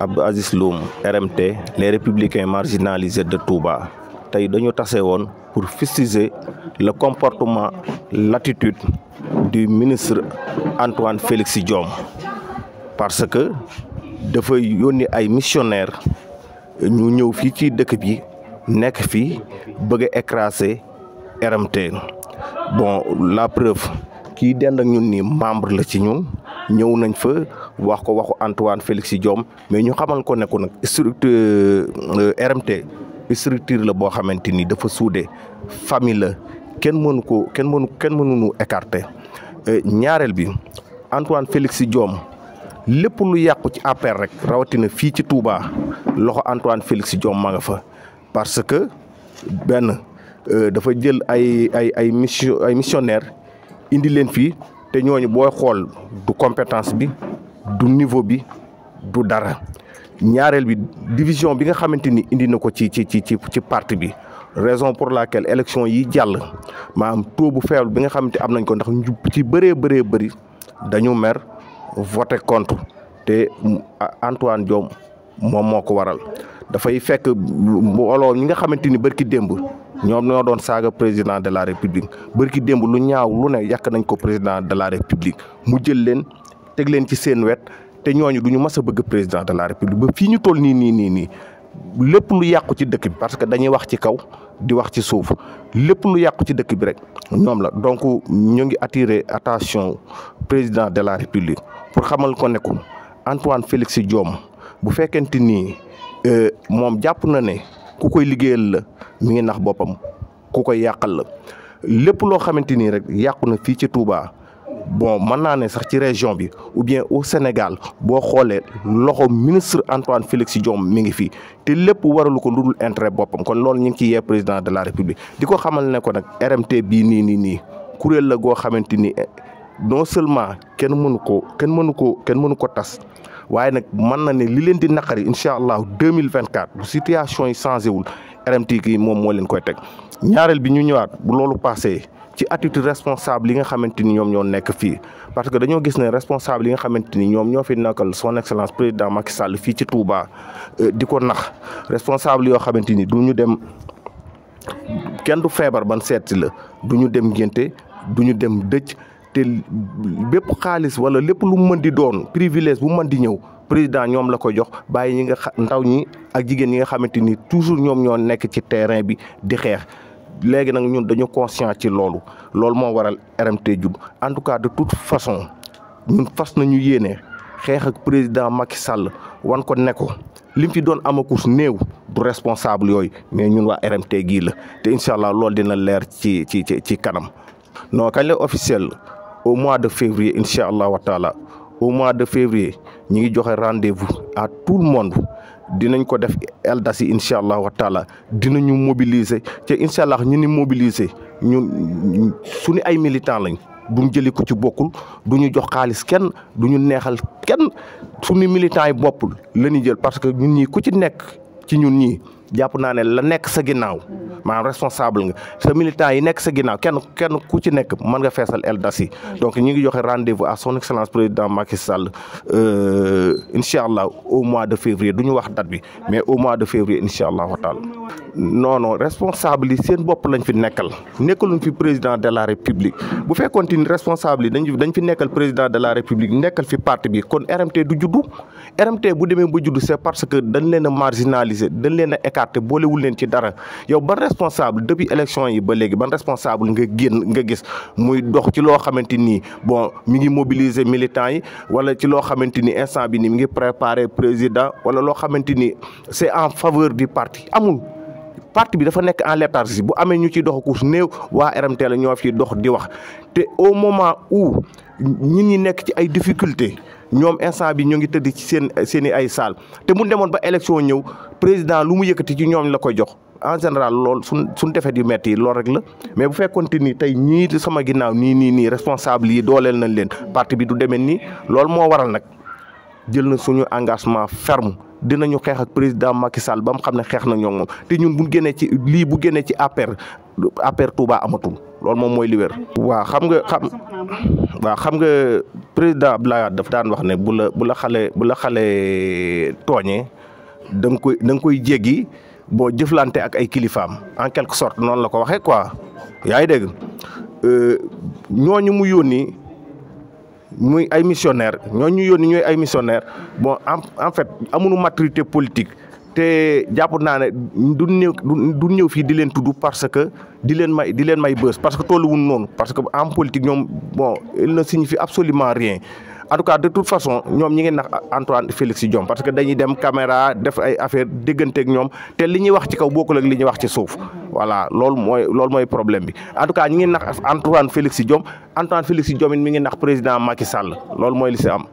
Abdou Aziz Loum RMT les républicains marginalisés de Touba t'ay dañu tase pour fustiger le comportement l'attitude du ministre Antoine Félix Diom, parce que de fait, ay missionnaires ñu ñëw fii ci dëkk bi écraser RMT bon la preuve qui est ak ñun ni membre la ci nous ñëw nañ fa wax ko waxu Antoine Felix Diom, mais ñu xamal ko ne ko structure euh, RMT structure la bo xamanteni dafa soudé famille ken kenn mënu ko kenn mënu kenn mënuñu écarter euh, ñaarel bi Antoine Felix Diom, lepp lu yaq ci APR rek rawatina fi ci Touba loxo Antoine Felix Diom ma nga fa parce que ben euh, dafa jël ay ay ay mission ay missionnaire indi len fi té ñoñu boy xol du compétence bi du niveau bi du dara ñaareel bi division bi nga xamante ni indi na ko ci ci ci ci ci parti bi raison pour la laquelle élection yi jàll maam taux bu faible bi nga xamante am nañ ko ndax ñu ci bëree bëree bëri dañu mer voté contre te Antoine jom moom moo ko waral dafay fekk mbooloo ñi nga xamante ni bërki démb ñoom ñoo doon saaga président de la république bërki démb lu ñaaw lu ne yàq nañ ko président de la république mu jël leen teg leen ci seen wet te ñooñu du ñu mas a bëgg président de la république ba fi ñu toll ni nii nii nii lépp lu yàqu ci dëkk bi parce que dañuy wax ci kaw di wax ci suuf lépp lu yàqu ci dëkk bi rek ñoom la donc ñu ngi attirer attention président de la république pour xamal ko ne ko Antoine Félix joom bu fekkente ni euh, moom jàpp na ne ku koy liggéeyal la mu ngi nax boppam ku koy yàqal la lépp loo xamante ni rek yàqu na fii ci tuubaa bon maintenant on est sax ci région bi ou bien au Sénégal boo xoolee loxo ministre Antoine Félix Diome mi ngi fi te lépp waralu ko lu intérêt boppam kon loolu ñu ngi ciy président de la République di comment xamal est ko nag RMT bi ni ni ni kuréel la goo xamante ni eh, non seulement kenn mënu ko kenn mënu ko mënu ko tas waaye nak man na ne li leen di naqari incha allah bu situation yi changé wul RMT gi mom mo leen koy teg ñaareel bi ñu ñëwaat bu loolu passé. ci attitude responsable yi nga xamante ni ñoom ñoo nekk fii parce que dañoo gis ne responsable yi nga xamante ni ñoom ñoo fi nekkal son excellence président Macky Sall fii ci Touba euh, di ko nax responsable yoo xamante ni du ñu dem kenn du feebar ban seeti la du ñu dem ngénte du ñu dem dëj te bépp xaalis wala lépp lu mën di doon privilège bu mën di ñëw président ñoom la ko jox bàyyi ñi nga ndaw ñi ak jigéen ñi nga xamante ni toujours ñoom ñoo nekk ci terrain bi di xeex Nous nak ñun dañu de ci lolu lolu en tout cas de toute façon ñun sommes nañu président Macky Sall wan ko lim fi doon du responsable mais ñun wa RMT gi la té inshallah lolu dina lèr ci officiel au mois de février inshallah, au mois de février nous ngi rendez-vous. à tout le monde dinañ ko def Eldasi incha allah wa taala dinañu mobiliser te incha allah ñu ni mobiliser ñun suñu ay militant lañ duñ jëli ko ci bokkul du ñu jox xaalis kenn du ñu neexal kenn suñu militant yi boppul la ñuy jël parce que ñun ñi ku ci nekk ci ñun ñi jàpp naa ne la nekk sa ginnaaw maanaam responsable nga sa militant yi nekk sa ginnaaw kenn kenn ku ci nekk mën nga feesal el dasi donc ñu ngi joxe rendez-vous à son excellence président Macky Sall euh, incha allah au mois de février du ñu wax date bi mais au mois de février incha allah wa taala non non responsable yi seen bopp lañ fi nekkal nekkaluñ fi président de la république bu fekkoon ni responsable dañ dañ fi nekkal président de la république nekkal fi parti bi kon RMT du juddou RMT bu démé bu juddou c'est parce que dañ leen marginaliser dañ leen écarter écarter boolewul leen ci dara yow ban responsable depuis élection yi ba légui ban responsable nga génn nga gis muy dox ci lo xamanteni bon mi ngi mobiliser militants yi wala ci lo xamanteni instant bi ni mi ngi préparer président wala lo xamanteni c'est en faveur du parti amul. parti bi dafa nekk en léthargie bu amee ñu ciy dox ku néew waa RMT la ñoo fi dox di wax te au moment u ñin ñi nekk ci ay difficultés ñoom instant bi ñu ngi tëdd ci seen i ay saal te mu demoon ba élection ñëw président lu mu yëkkati ci ñoom la koy jox. en général lool su suñ defee di metti yi loolu rek la mais bu fekkonte ni tey ñii sama ginnaaw nii nii nii responsable yi dooleel nañ leen parti bi du demee nii loolu moo waral nag jël na suñu engagement ferme. dinañu xeex ak président Macky Sall ba mu xam ne xeex na ñoom moom te ñun bu génnee ci lii bu génnee ci APR APR Touba amatul loolu moom mooy li wér. xam nga xam waaw xam nga président Abdoulaye Wade daf daan wax ne bu la bu la xale bu la xale tooñee da nga koy da nga koy jéggi boo jëflante ak ay kilifaam en quelque sorte noonu la ko waxee quoi yaa ngi dégg euh, ñooñu mu yónni nous ay missionnaire Nous ñu missionnaires. ñooy ay missionnaire bon en en fait amuñu maturité politique Té, jàpp naa ne du ñëw du ñëw fii di leen tudd parce que di leen may di leen may beus parce que wun non parce que en politique ñom bon il ne signifie absolument rien en tout cas de toute façon ñoom ñi ngi nax Antoine Félix Diome parce que dañuy dem caméra def ay affaire dégganteeg ñoom te li ñuy wax ci kaw bokkul ak li ñuy wax ci suuf voilà lool mooy lool mooy problème bi en tout cas ñi ngi nax Antoine Félix Diome Antoine Félix Diome mi ngi nax président Macky Sall loolu mooy li si am.